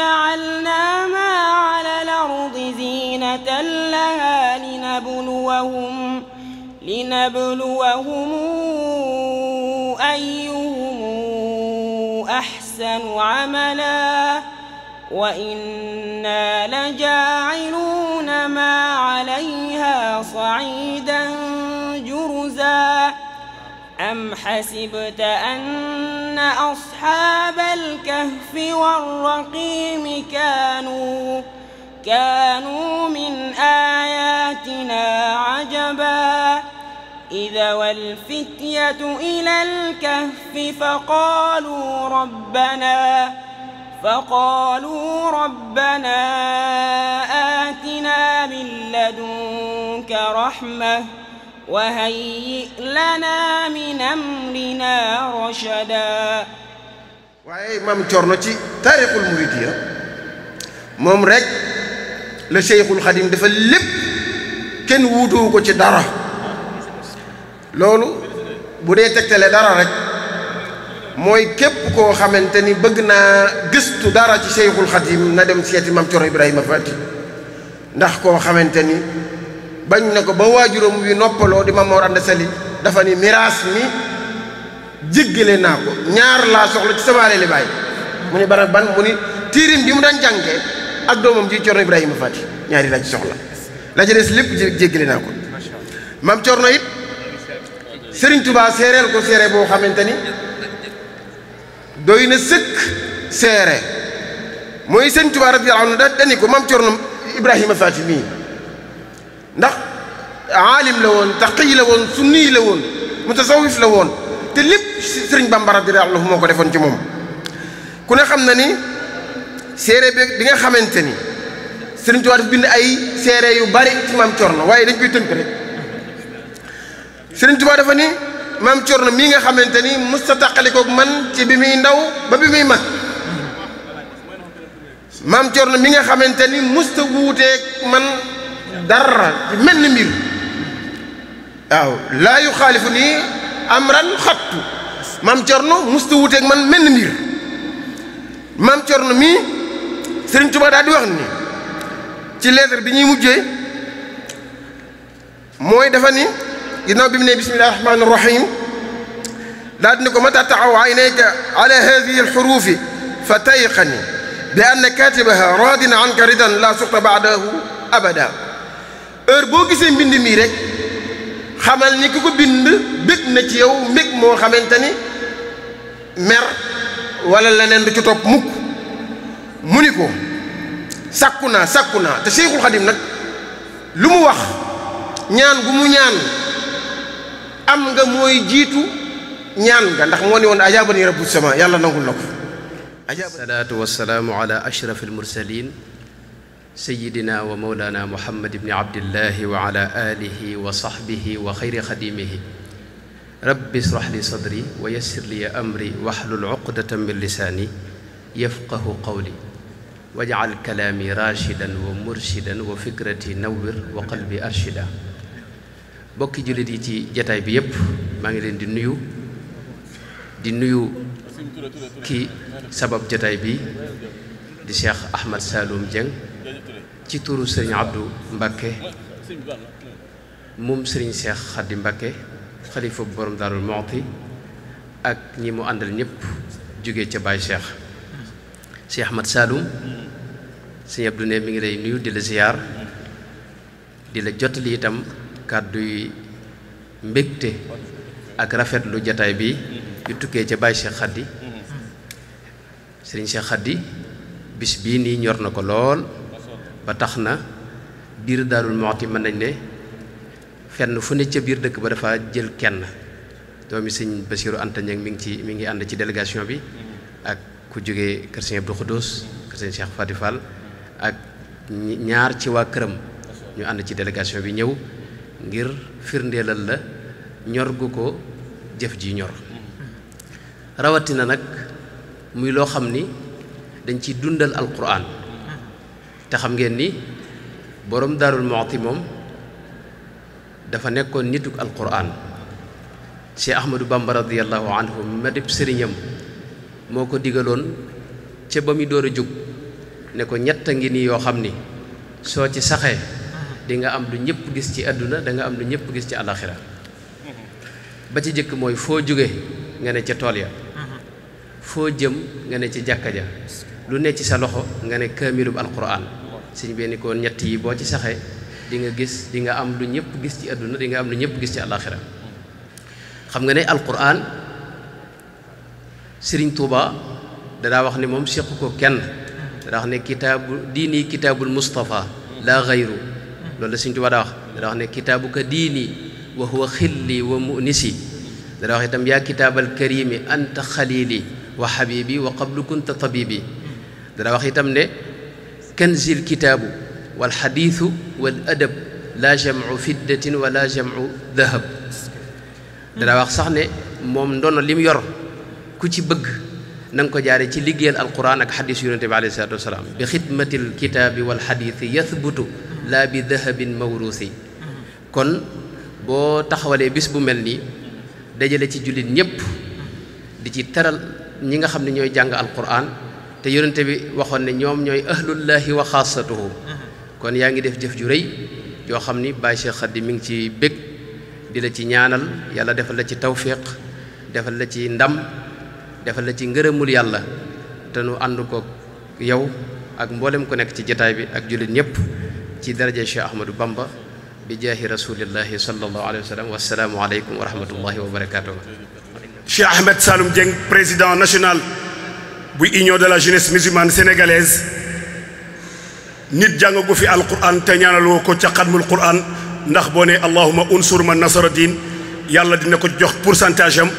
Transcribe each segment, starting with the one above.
جعلنا ما على الأرض زينة لها لنبلوهم, لنبلوهم أيهم أحسن عملا وإنا لجاعلون ما عليها صعيدا جرزا أم حسبت أن أصلا أصحاب الكهف والرقيم كانوا كانوا من آياتنا عجبا إذا والفتية إلى الكهف فقالوا ربنا فقالوا ربنا آتنا من لدنك رحمة وهيئ لنا من أمرنا رشدا waaye maam Thierno ci taarixul muridiyya moom rek la Cheikhul Khadim dafa lépp kenn wuutoo ko ci dara loolu bu dee tegtale dara rek mooy képp koo xamante ni bëgg naa gëstu dara ci Cheikhul Khadim na dem seeti maam Thierno Ibrahima Fati ndax koo xamante ni bañ na ko ba waa juróom wi noppaloo di Maam Mor Anta dafa ni miraas mi jéggale naa ko ñaar la soxlu ci sama li baay muni ni ban muni tirim bi mu daan jànke ak domam ji ciorno Ibrahima Fati ñaari la ci soxla la ca des lépp jéggale naa ko maam Cerno it serigne touba seereel ko seere bo xamanteni doyna doy na moy serigne touba rabbi Tuubaa da tani ko mam ciorno Ibrahima Fati mi ndax alim la won taqiy la won sunni la won mutasawwif la won te lépp sëriñ Bamba radiyallaahu anhu moo ko defoon ci moom ku ne xam na ni séeréer bi bi nga xamante ni sëriñ Tuubaa daf bind ay séeréer yu bari ci maam Thierno waaye dañ koy tënk rek sëriñ Tuubaa dafa ni maam Thierno mii nga xamante ni musta tàqalikoog man ci bi muy ndaw ba bi muy mag maam na mi nga xamante ni musta wuuteeg man dara ci mel ni mbir waaw laa yu xaalifu nii amran khattu mam tiorno musti musta ak man mel nir mam tiorno mi Serigne Touba dal di wax ni ci lettre bi ñi mujjé moy dafa ni ginnaaw bi ne bismillahir rahmanir rahim dal di ne ko mata taaw aynayka ala hadhihi alxurufi fa tayqani bi anna katibaha radin anka ridan la suqta ba'dahu abada heure bo gisee mbind mi rek xamal ni ki ko bind bég na ci yow mbég moo xamante ni mer wala leneen du ci topp mukk mu ni ko sàkku naa sàkku naa te Seexul Xadim nag lu mu wax ñaan gu mu ñaan am nga mooy jiitu ñaan nga ndax moo ni woon ajaabani rabbu sama yàlla nangul na ko salaatu wassalaamu ala ashrafil mursalin سيدنا ومولانا محمد بن عبد الله وعلى آله وصحبه وخير خديمه رب اشرح لي صدري ويسر لي أمري واحلل عقدة من لساني يفقه قولي واجعل كلامي راشدا ومرشدا وفكرتي نور وقلبي أرشدا بوكي جلدي تي جتاي بيب bi yépp دي نيو دي نيو كي سبب جتاي بي دي شيخ احمد سالوم Cheikh ci turu serigne Abdou Mbakke moom serigne Cheikh khadi Mbakke khalifa borom darul mu'ti ak ñi mu andal ñep jóge ci Baye Cheikh Cheikh Ahmad Saloum sëriñ Abdou ne mi ngi lay nuyu di la ziar di la jotali itam kaddu yi mbégte ak lu jotaay bi yu tukke ci Baye Cheikh khadi serigne Cheikh khadi bis bi ni ñor nako lol ba tax na biir daarul moxti mën nañ ne fenn fu ne ca biir dëkk ba dafa jël kenn doomi sëñ Basiru Anta Ñaŋ mi ngi ci mi ngi ànd ci délégation bi ak ku jógee kër sëñ Abdou Khoudous Cheikh fadi Fall ak ñaar ci waa këram ñu ànd ci délégation bi ñëw ngir firndeelal la ñor gu ko jëf ji ñor rawatina nag muy loo xam ni dañ ci dundal alquran te xam ngeen ni borom darul mu'ti mom dafa nekkon nituk alquran cheikh ahmadou bamba radiyallahu anhu ma serignam moko digalon ci bami ca juk ne ko ñetta ngi ni yo xamni so ci saxé di nga am lu ñepp gis ci aduna, da nga am lu ñepp gis ci alakhirah. ba ci jëkk moy fo jóge nga ne ci tol ya fo jëm nga ne ci jakka ja lu ne ci sa loxo nga ne alquran sëñ ñu benn koo ñett yi boo ci saxee di nga gis di nga am lu ñëpp gis ci àdduna di nga am lu ñëpp gis ci àllaaxira xam nga ne alquran sëriñ Tuuba dadaa wax ne moom séq ko kenn dadaa wax ne kitaabu diini kitaabul loolu la sëriñ Tuuba daa wax dadaa wax ne kitaabu ka diini wa huwa xilli wa munisi dadaa wax itam yaa kitaabal karimi anta xalili wa xabibi wa qablu kunta tabibi dadaa wax itam ne كنز الكتاب والحديث والأدب لا جمع فدة ولا جمع ذهب دا واخ صاح ني موم دون لي بغ نانكو جاري تي ليغيال القران اك حديث يونس عليه الصلاه والسلام بخدمه الكتاب والحديث يثبت لا بذهب موروث كون بو تخوالي بس بو ملني داجالي تي جولي نيب دي تي ترال نيغا خامني نيو جانغ القران te yonente bi waxon ne ñom ñoy ahlullah wa xaasatuhu kon yaangi def def ju reey yo xamni bay Cheikh khadim mi ngi ci bekk di la ci ñaanal yàlla defal la ci tawfiq defal la ci ndam defal la ci ngërëmul yàlla te nu andu ko yow ak mbollem ko nek ci jotaay bi ak julit ñep ci daraja Cheikh Ahmadou Bamba bi jahi rasulillah sallallahu alayhi wa sallam wasalaamu wa rahmatullahi wa barakatuh Cheikh Ahmed salum jeng président national bu union de la jeunesse musulmane sénégalaise nit jàngagu fi alquran te ñaanalo ko ci khatmul quran ndax boné allahumma unsur man nasara diin yàlla dina ko jox pourcentage am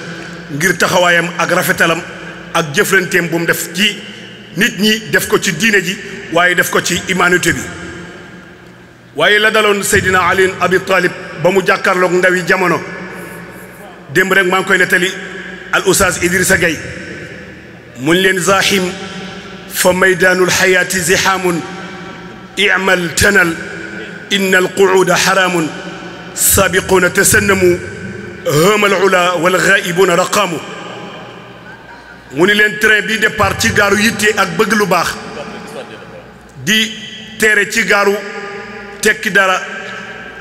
ngir taxawayam ak rafetalam ak jëflanteem bu mu def ci nit ñi def ko ci diine ji waye def ko ci humanité bi waye la dalon sayidina Ali Abi Talib ba mu jàkkaarloog ndawi jamono dem rek ma ngi koy nettali al oustaz Idrissa Gueye ملين زاحم فميدان الحياة زحام اعمل تنل إن القعود حرام سابقون تسنموا هم العلا والغائبون رقاموا ونلين ترين بي دي بار تيغارو يتي اك بغلو باخ دي تيري تيغارو تيكي دارا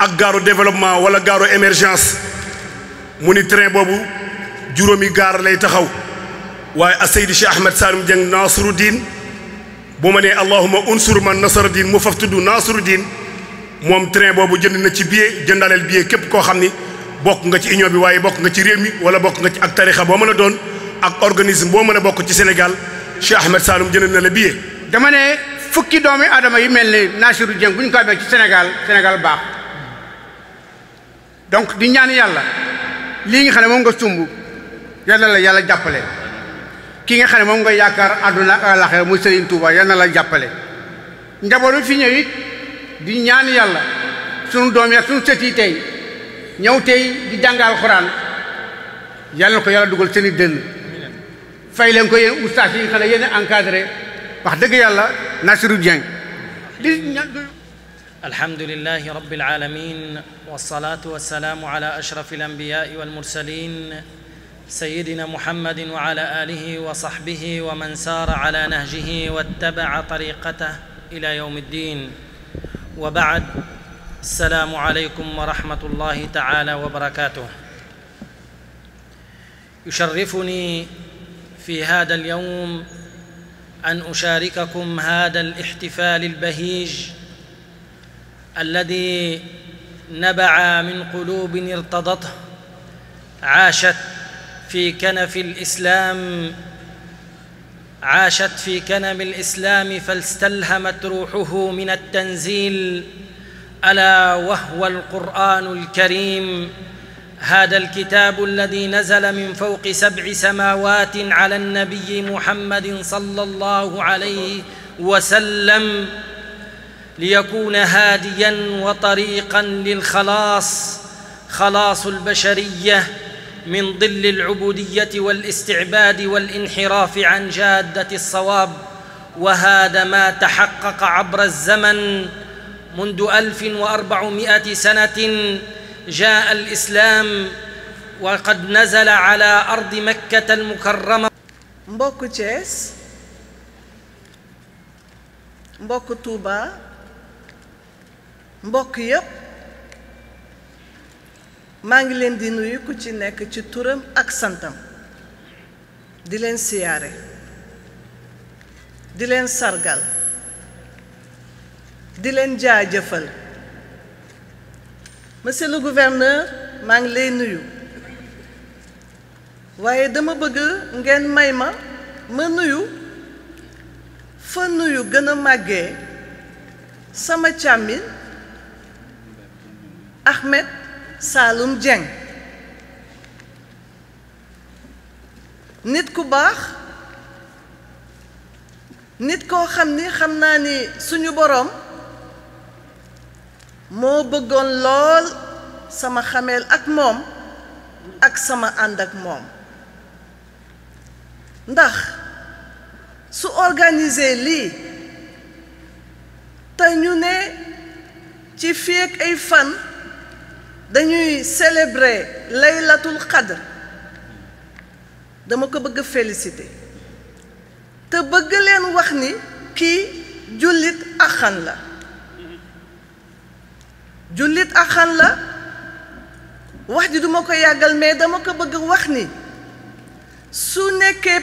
اك غارو ديفلوبمون ولا غارو ايمرجانس موني ترين بوبو جورومي غار لي تخاو waaye a Seydi Cheikh Ahmed Saloum Dieng Nasru Diin bu ma nee allahuma unsur man nasara diin mu faf tudd Nasru Diin moom train boobu jënd na ci billet jëndaaleel billet képp koo xam ni bokk nga ci union bi waaye bokk nga ci réew mi wala bokk nga ci ak tarixa boo mën a doon ak organisme boo mën a bokk ci Sénégal Cheikh Ahmed Saloum jënd na la billet. dama ne fukki doomi aadama yi mel ni Nasru Dieng bu ñu ko amee ci Sénégal Sénégal baax donc di ñaan yàlla lii nga xam ne moom nga sumb yàlla la yàlla jàppale. ki nga xamne mom moom nga yaakaar àdduna ak alaxira Serigne Touba yal na la jàppale njaboot fi ñewi di ñaan yàlla sunu doom ya sunu sët tay ñëw tay di jàng alquran yalla ko yàlla duggal seen i fay leen ko yéen ustaas yi xala yéen encadrer wax deug yàlla nasiru jeng di الحمد لله رب العالمين والصلاة والسلام على أشرف الأنبياء والمرسلين سيدنا محمد وعلى اله وصحبه ومن سار على نهجه واتبع طريقته الى يوم الدين وبعد السلام عليكم ورحمه الله تعالى وبركاته يشرفني في هذا اليوم ان اشارككم هذا الاحتفال البهيج الذي نبع من قلوب ارتضته عاشت في كنف الاسلام عاشت في كنم الاسلام فاستلهمت روحه من التنزيل الا وهو القران الكريم هذا الكتاب الذي نزل من فوق سبع سماوات على النبي محمد صلى الله عليه وسلم ليكون هاديا وطريقا للخلاص خلاص البشريه من ظل العبوديه والاستعباد والانحراف عن جاده الصواب وهذا ما تحقق عبر الزمن منذ الف واربعمائه سنه جاء الاسلام وقد نزل على ارض مكه المكرمه مبوكو تشيس مبوكو توبا مبوك يب Manglen di nuyu ku ci nekk ci turam ak santam di len siyaare di len sargal di len jaajëfal monsieur le gouverneur maa lay nuyu waaye dama bëgg ngeen mayma ma nuyu fa nuyu gën a màggee sama càmmin Ahmed Salum Jeng. nit ku bax nit ko xamni xamna ni suñu borom mo lol sama xamel ak mom ak sama andak ak mom ndax su organiser li tay ñu ne ci fiek ay fan nous célébrer laylatul qadr dama ko bëgg féliciter te bëgg leen wax ni julit akhan la jullit akhan la wax ji duma ko yàggal mais dama ko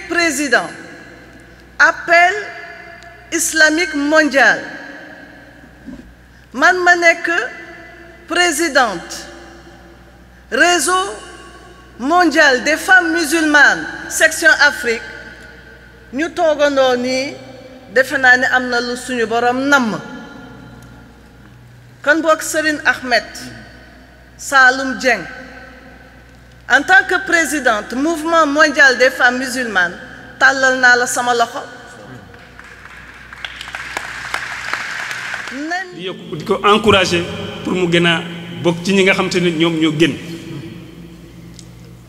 président appel islamique mondial man ma présidente Réseau mondial des femmes musulmanes section Afrique ñu toogandoo nii defe nous ne am na lu suñu borom namm kon Ahmed Saloum Dieng en tant que présidente mouvement mondial des femmes musulmanes talal na la sama loxo. nañ ko encourager pour mu gëna bok ci ñi nga xam te ne ñoo gën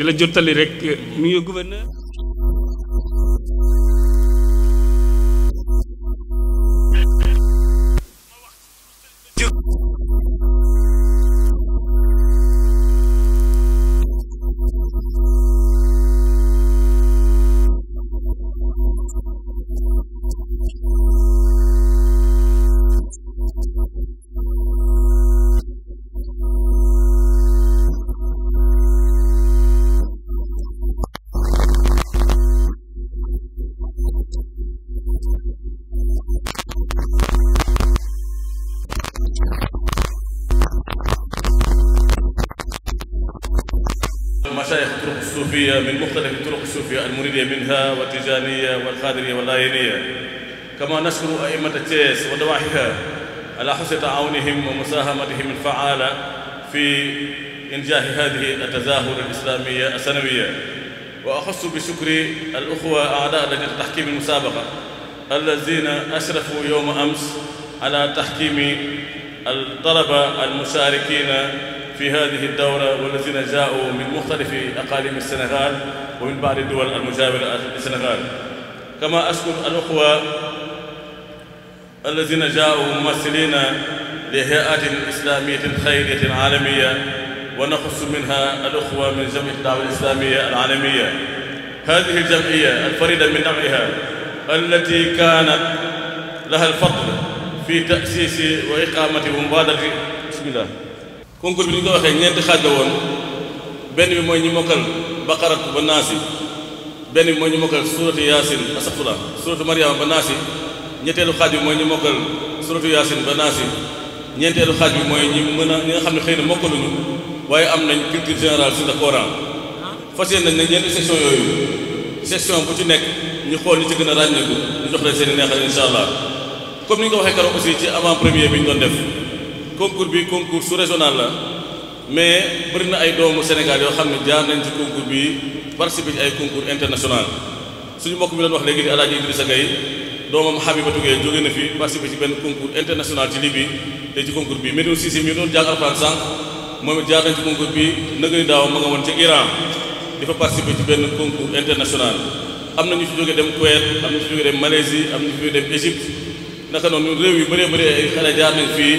di la jottali rek euh, nuyu gouverneur القادرية واللاينية كما نشكر أئمة التيس ودواحيها على حسن تعاونهم ومساهمتهم الفعالة في إنجاح هذه التزاهر الإسلامية السنوية وأخص بشكر الأخوة أعداء لجنة تحكيم المسابقة الذين أشرفوا يوم أمس على تحكيم الطلبة المشاركين في هذه الدورة والذين جاءوا من مختلف أقاليم السنغال ومن بعض الدول المجاورة للسنغال كما أشكر الأخوة الذين جاءوا ممثلين لهيئات إسلامية خيرية عالمية ونخص منها الأخوة من جمعية الدعوة الإسلامية العالمية هذه الجمعية الفريدة من نوعها التي كانت لها الفضل في تأسيس وإقامة ومبادرة بسم الله كنت bi ni ñu ko waxee موكل بقرة la benn bi mooy ñu mokkal suratu yaasin ba safula suratu mariama ba naasi ñetteelu xaaj bi mooy ñu mokkal suratu yaasin ba naasi ñeenteelu xaaj bi mooy ñi mën a ñi nga xam ne xëy na mokkaluñu waaye am nañ culture générale sur le Coran fas yéene nañ ne ñeenti section yooyu section bu ci nekk ñu xool ñi ci gën a ràññeeku ñu jox leen seen i neexal incha allah comme ni nga ko waxee keroog aussi ci avant première bi ñu doon def concours bi concours sous régional la mais bëri na ay doomu Sénégal yoo xam ne jaar nañ ci concours bi participé ci ay concours international suñu mbokk mi doon wax léegi di Alaaji Idrissa Gaye doomam Habibatu Gaye jóge na fi participé ci benn concours international ci Libye te ci concours bi Medoune Cissé mi doon jàng alxuraan sànq moom it jaar nañ ci concours bi nëga ni daaw ma nga woon ci Iran di fa participé ci benn concours international am na ñu fi jóge dem Kuwait am na ñu fi jóge dem na ñu fi jóge dem Égypte naka noonu fii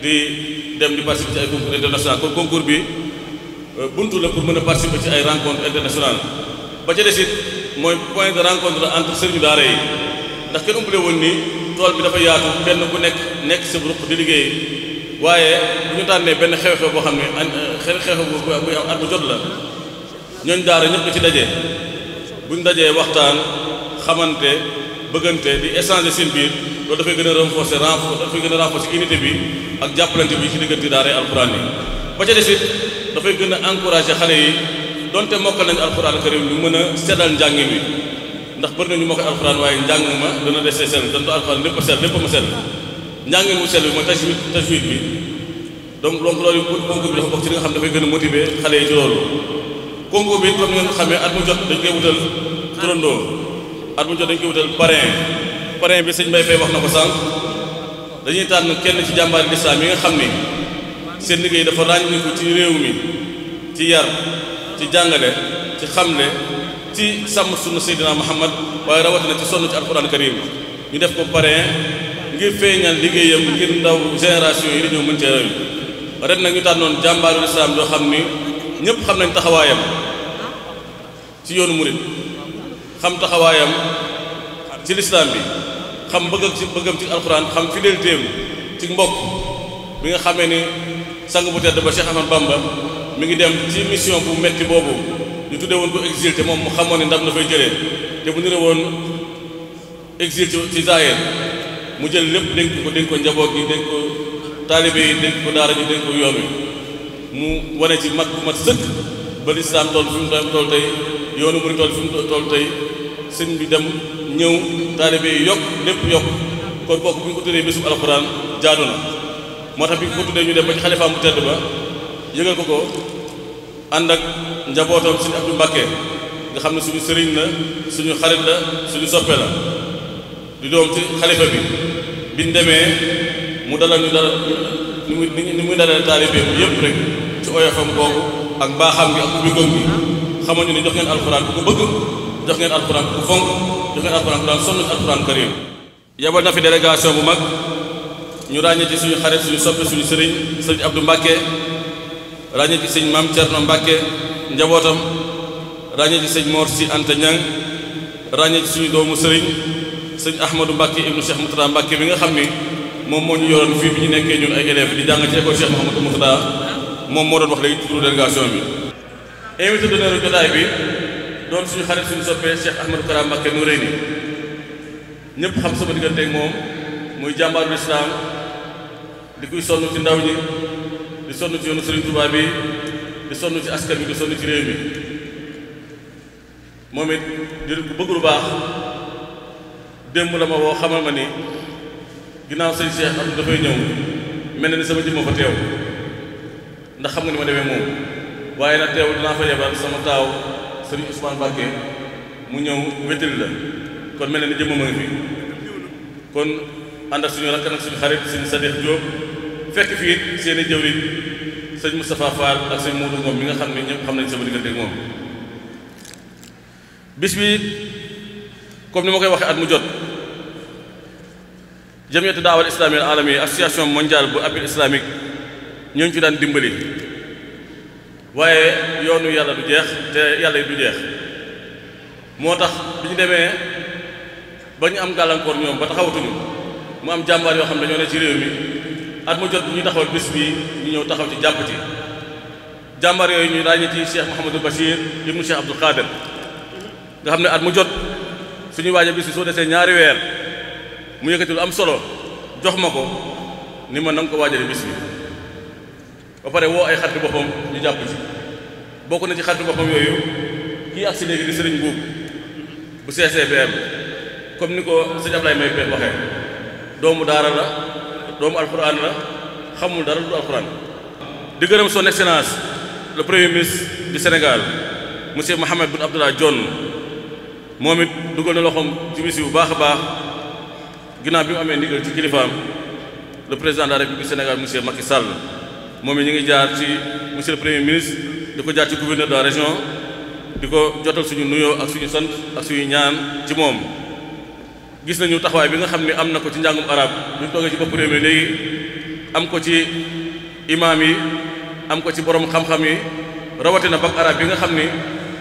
di dem di participer ci ay concours international kon concours bi euh, buntu la pour mën a ci ay rencontre internationale ba ca des it mooy point de rencontre entre sëriñu daara yi ndax kenn umpale woon ni tool bi dafa yaatu kenn ku nekk nekk sa ruq di liggéey waaye bu ñu tànnee benn xew-xew boo xam ne xew-xew euh, bu am at bu jot la ñooñ daara ñëpp ci dajee buñ dajee waxtaan xamante bëggante di échanger seen biir loolu dafay gën a renforcer renforcer dafay gën a renforcer unité bi ak jàppalante bi ci diggante daara alxuraan yi ba ca des it dafay gën a encourager xale yi donte mokkal nañu alxuraan karim ñu mën a seddal njàngi bi ndax bëri nañu mokkal alxuraan waaye njàng ma dana dese sell danto alxuraan lépp a sell lépp ma sell njàngi mu sell bi mooy bi donc donc loolu concours bi dafa bokk ci li nga xam dafay gën a motiver xale yi ci loolu concours bi comme ni nga xamee at mu jot dañ koy wutal turandoo at mu jot dañ koy wutal parrain parrain bi sëñ Mbaye Faye wax na ko sànq dañuy tànn kenn ci jàmbaari lislaam yi nga xam ni seen liggéey dafa ràññiku ci réew mi ci yar ci jàngale ci xamle ci sàmm sunna Seydina Muhammad waaye rawatina ci sonn ci alxuraan karim ñu def ko parrain ngir feeñal liggéeyam ngir ndaw génération yi di ñëw mën cee réew ren nag ñu tànnoon jàmbaaru lislaam yoo xam ni ñëpp xam nañ taxawaayam ci yoonu murit xam taxawaayam ci lislaam bi xam bëggam ci bëggam ci alxuraan xam fidéliteem ci mbokk bi nga xamee ni sang bu tedd ba Cheikh Ahmad Bamba mu ngi dem ci mission bu metti boobu ñu tudde woon ko exil te moom mu xamoon ni ndam la fay jëlee te bu nire woon exil ci zaayir mu jël lépp dénk ko dénk ko njaboot gi dénk ko taalibe yi dénk ko daara ji dénk ko yoon wi mu wane ci mag bu mat sëkk ba lislaam toll fi mu toll tey yoonu buri tool fi tool tey sëñ bi dem ñëw taalibe yi yokk lépp yokk kon bokk bu ñu ko alxuraan jaadu na moo tax bi ñu ko ñu dem ba ci xalifaam bu tedd ba yëgal ko ko ànd ak njabootam sëñ Abdou Mbàkke nga xam ne suñu sëriñ la suñu xarit la suñu soppe la di doom ci xalifa bi biñ demee mu dalal ñu dalal ni muy ni muy dalal taalibe bi yëpp rek ci oyofam boobu ak mbaaxam gi ak ubbi gi xamuñu ni jox ngeen alquran ku ko bëgg jox ngeen alquran ku ko fonk jox ngeen alquran ku daan sonn alquran karim yabal na fi délégation bu mag ñu ràññee ci suñu xarit suñu soppe suñu sëriñ sëriñ abdou mbacké ràññee ci sëñ mam cerno mbacké njabotam ràññee ci sëñ morsi anta ñang ràññee ci suñu doomu sëriñ sëñ ahmadou mbacké ibnu cheikh moutada mbacké bi nga xamni mom moom moo ñu yoroon fii bi ñu nekké ñun ay élève di jang ci école cheikh mohammed moutada mom mo doon wax léegi turu délégation bi invité eh, d'honneur jotaay bi doon suñu xarit suñu soppee Cheikh Ahmadou Kara Mbacké Noreyni ñëpp xam sama diggante moom muy jàmbaaru lislaam di kuy sonn ci ndaw ñi di sonn ci yoonu Serigne Touba bi di sonn ci askan bi di sonn ci réew mi moom it di ku bëgg lu baax démb la ma woo xamal ma ni ginnaaw sëñ Cheikh am dafay ñëw mel na ni sama jëmm fa teew ndax xam nga ni ma demee moom waaye nag teewul dinaa fa yebal sama taaw sëriñ Ousmane Mbacké mu ñëw wétali la kon mel na ni jëmm ma ngi fi kon ànd ak suñu rakk nag suñu xarit suñu Sadikh Diop fekk fii it seen i jëwriñ sëñ Moustapha Fall ak moom mi nga xam ne ñëpp xam nañ sama diggante ak moom bis bi comme ni ma koy waxee at mu jot jamiyatu daawal islamiyyal alami association mondiale bu appel islamique ñooñu ci daan dimbali waaye yoonu yàlla du jeex te yàlla yi du jeex moo tax bi ñu demee ba ñu am gàllankoor ñoom ba taxawatuñu mu am jàmbaar yoo xam ne dañoo ne ci réew mi at mu jot ñu taxawal bis bi ñu ñëw taxaw ci jàpp ci jàmbaar yooyu ñu ràññee ci Cheikh Mouhamadou Bachir ibnu Cheikh Abdoul Khader nga xam ne at mu jot suñu waaja bis bi soo desee ñaari weer mu yëkkati am solo jox ma ko ni ma na ko waajale bis bi ba pare woo ay xaritu boppam ñu jàpp ci bokk na ci xaritu boppam yooyu kii ak si léegi di sëriñ buub bu CCBM comme ni ko sa Ablaye may benn waxee doomu daara la doomu alxuraan la xamul dara du alxuraan di gërëm son excellence le premier ministre du Sénégal monsieur Mahammed Boun Abdallah Dionne moom it dugal na loxoom ci bis bu baax a baax ginnaaw bi mu amee ndigal ci kilifaam le président de république Sénégal monsieur Macky Sall moom it ñu ngi jaar ci monsieur le premier ministre di ko jaar ci gouverneur de la région di ko jotal suñu nuyoo ak suñu sant ak suñu ñaan ci moom gis nañu taxawaay bi nga xam ne am na ko ci njàngum arab bi ñu toogee ci bopp réew mi léegi ko ci imaam yi am ko ci borom xam yi rawatina bac arab bi nga xam ni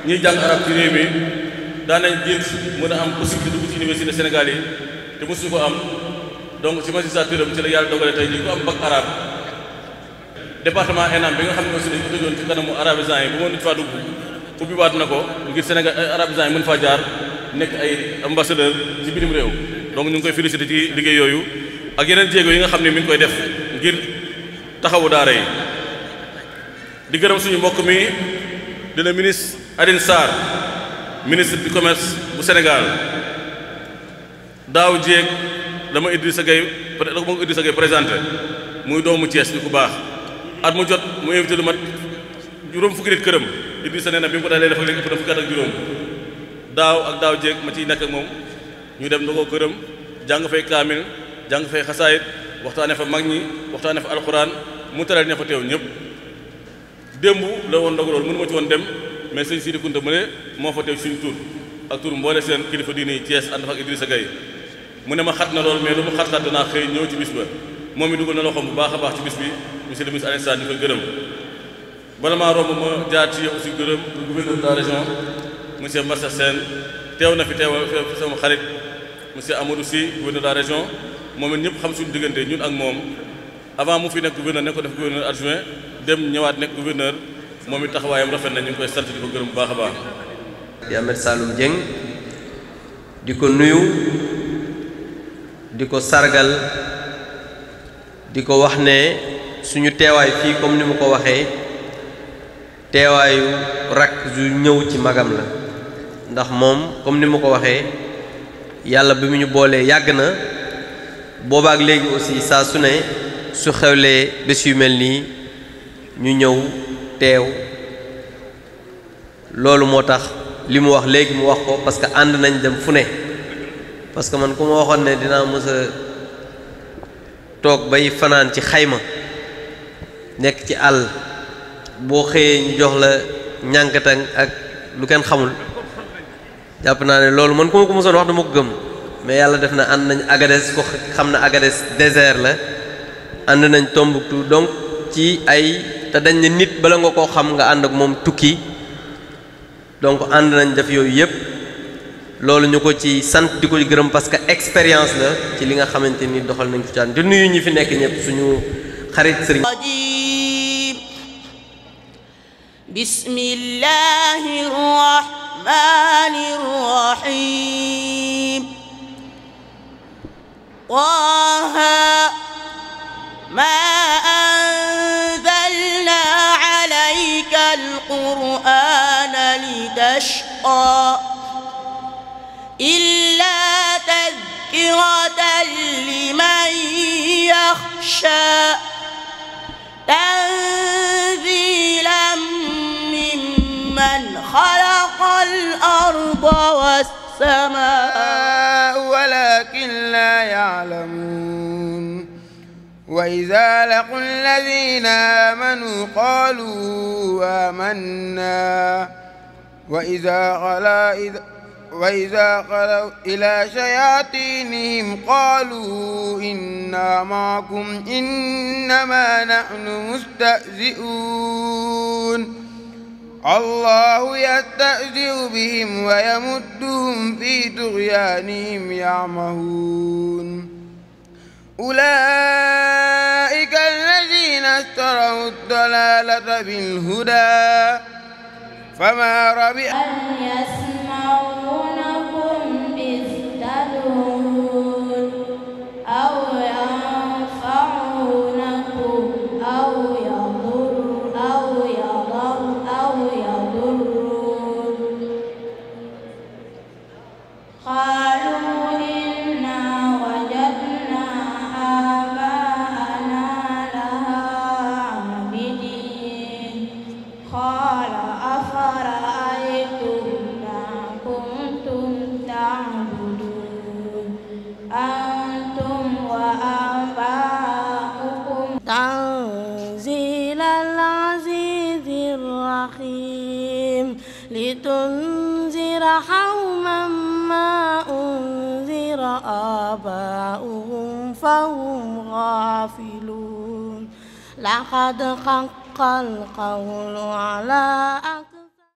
ñuy jàng arab ci réew mi daanañ jéem mën a am possibilité dugg ci université Sénégal yi te suñu ko am donc ci magistrat turam ci la yàlla dogale tey ñu ko am bac arab département ENAM bi nga xam ne aussi dañ ko tëjoon ci kanamu arabisants yi bu nit faa dugg ubbiwaat na ko ngir Sénégal euh, arabisants yi mën faa jaar nekk ay ambassadeur ci bitim réew donc ñu ngi koy félicité ci liggéey yooyu ak yeneen jéego yi nga xam ne mi ngi koy def ngir taxawu daara yi di gërëm suñu mbokk mi dina ministre Alioune Sarr ministre du commerce bu Sénégal daaw jéeg dama Idrissa sa peut-être dama Idrissa Gueye présenté muy doomu Thiès bi ku baax at mu jot mu invité lu mat juróom fukki nit këram Idrissa nee na bi mu ko dalee dafa léegi ëpp na fukki at ak juróom daaw ak daaw jéeg ma ciy nekk ak moom ñu dem ndogoo këram jàng fay kaamil jàng fay xasaayit waxtaane fa mag ñi waxtaane fa alxuraan mu taral ña fa teew ñëpp démb la woon ndogu loolu mënu ma ci woon dem mais sëñ Sidi Kunta mu ne moo fa teew suñu tur ak tur mboole seen kilifa diini yi Thiès ànd fa ak Idrissa Gaye mu ne ma xat na loolu mais lu mu xat-xat ci bis moom it dugal na loxoom bu baax a baax ci bis bi monsieur le ministre Alioune Sarr di ko gërëm bala maa romb ma jaar ci yow aussi gërëm le gouverneur de la région monsieur Marsa Sène teew na fi teewal sama xarit monsieur Amadou Sy gouverneur moom it ñëpp xam suñu diggante ñun ak moom avant mu fi nekk gouverneur nekk ko def gouverneur dem ñëwaat nekk gouverneur moom it taxawaayam rafet na ngi koy sant di ko gërëm bu baax a baax. di Ahmed Saloum Dieng di ko nuyu di ko sargal. di ko wax ne suñu teewaay fii comme ni mu ko waxee teewaayu rakk ju ñëw ci magam la ndax moom comme ni mu ko waxee yàlla bi mu ñu boolee yàgg na boobaak léegi aussi saa su ne su xewlee bés yu mel nii ñu ñëw teew loolu moo tax li mu wax léegi mu wax ko parce que ànd nañ dem fu ne parce man ku waxoon ne dinaa mës toog bay fanaan ci xayma nekk ci àll boo xëyee ñu jox la ñànkatang ak lu kenn xamul jàpp naa ne loolu man ku ma ko mosoon wax dama ko gëm mais yàlla def na ànd nañu Agadez ko xam na Agadez désert la ànd nañ Tombouctou donc ci ay te dañ ne nit bala nga koo xam nga ànd ak moom tukki donc ànd nañ def yooyu yépp loolu ñu ko ci sant di ko gërëm parce que expérience la ci li nga xamante ni doxal nañ ko caan di nuyu ñi fi nekk ñëpp suñu xarit sëriñ bismillahi rahmani rahim taha ma anzalna alayka alqur'ana litashqa تذكرة لمن يخشى تنزيلا ممن خلق الأرض والسماء ولكن لا يعلمون وإذا لقوا الذين آمنوا قالوا آمنا وإذا خلا إذا وإذا خلوا إلى شياطينهم قالوا إنا معكم إنما نحن مستهزئون الله يستهزئ بهم ويمدهم في طغيانهم يعمهون أولئك الذين اشتروا الضلالة بالهدى فما ربح أن يسمعوا Aula.